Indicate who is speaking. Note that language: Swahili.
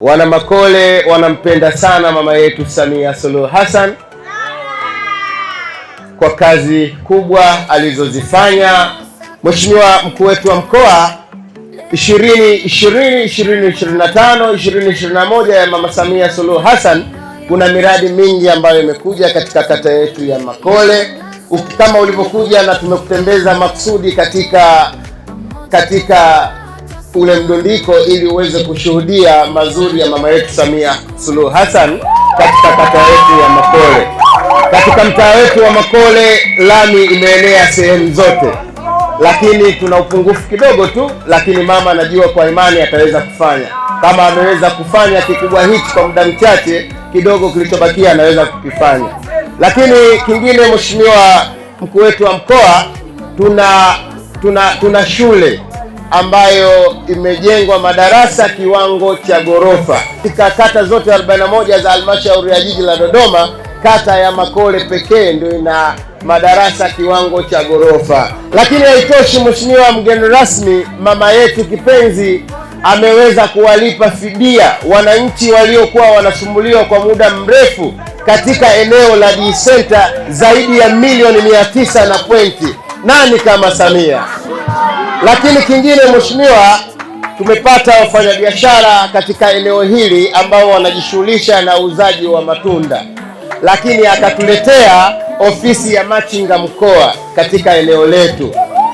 Speaker 1: Wana Makole wanampenda sana mama yetu Samia Suluhu Hassan kwa kazi kubwa alizozifanya. Mheshimiwa mkuu wetu wa mkoa 2020 2025 2021 ya mama Samia Suluhu Hassan, kuna miradi mingi ambayo imekuja katika kata yetu ya Makole, kama ulivyokuja na tumekutembeza maksudi katika katika ule mdundiko ili uweze kushuhudia mazuri ya mama yetu Samia Suluhu Hassan katika kata yetu ya Makole. Katika mtaa wetu wa Makole lami imeenea sehemu zote, lakini tuna upungufu kidogo tu, lakini mama anajua kwa imani ataweza kufanya. Kama ameweza kufanya kikubwa hichi kwa muda mchache, kidogo kilichobakia anaweza kukifanya. Lakini kingine, mheshimiwa mkuu wetu wa mkoa, tuna tuna tuna shule ambayo imejengwa madarasa kiwango cha ghorofa katika kata zote 41 za halmashauri ya jiji la Dodoma. Kata ya Makole pekee ndio ina madarasa kiwango cha ghorofa. Lakini haitoshi, mheshimiwa mgeni rasmi, mama yetu kipenzi ameweza kuwalipa fidia wananchi waliokuwa wanasumbuliwa kwa muda mrefu katika eneo la Dsenta zaidi ya milioni mia tisa na pwenti. Nani kama Samia? Lakini kingine mheshimiwa, tumepata wafanyabiashara katika eneo hili ambao wanajishughulisha na uuzaji wa matunda, lakini akatuletea ofisi ya machinga mkoa katika eneo letu.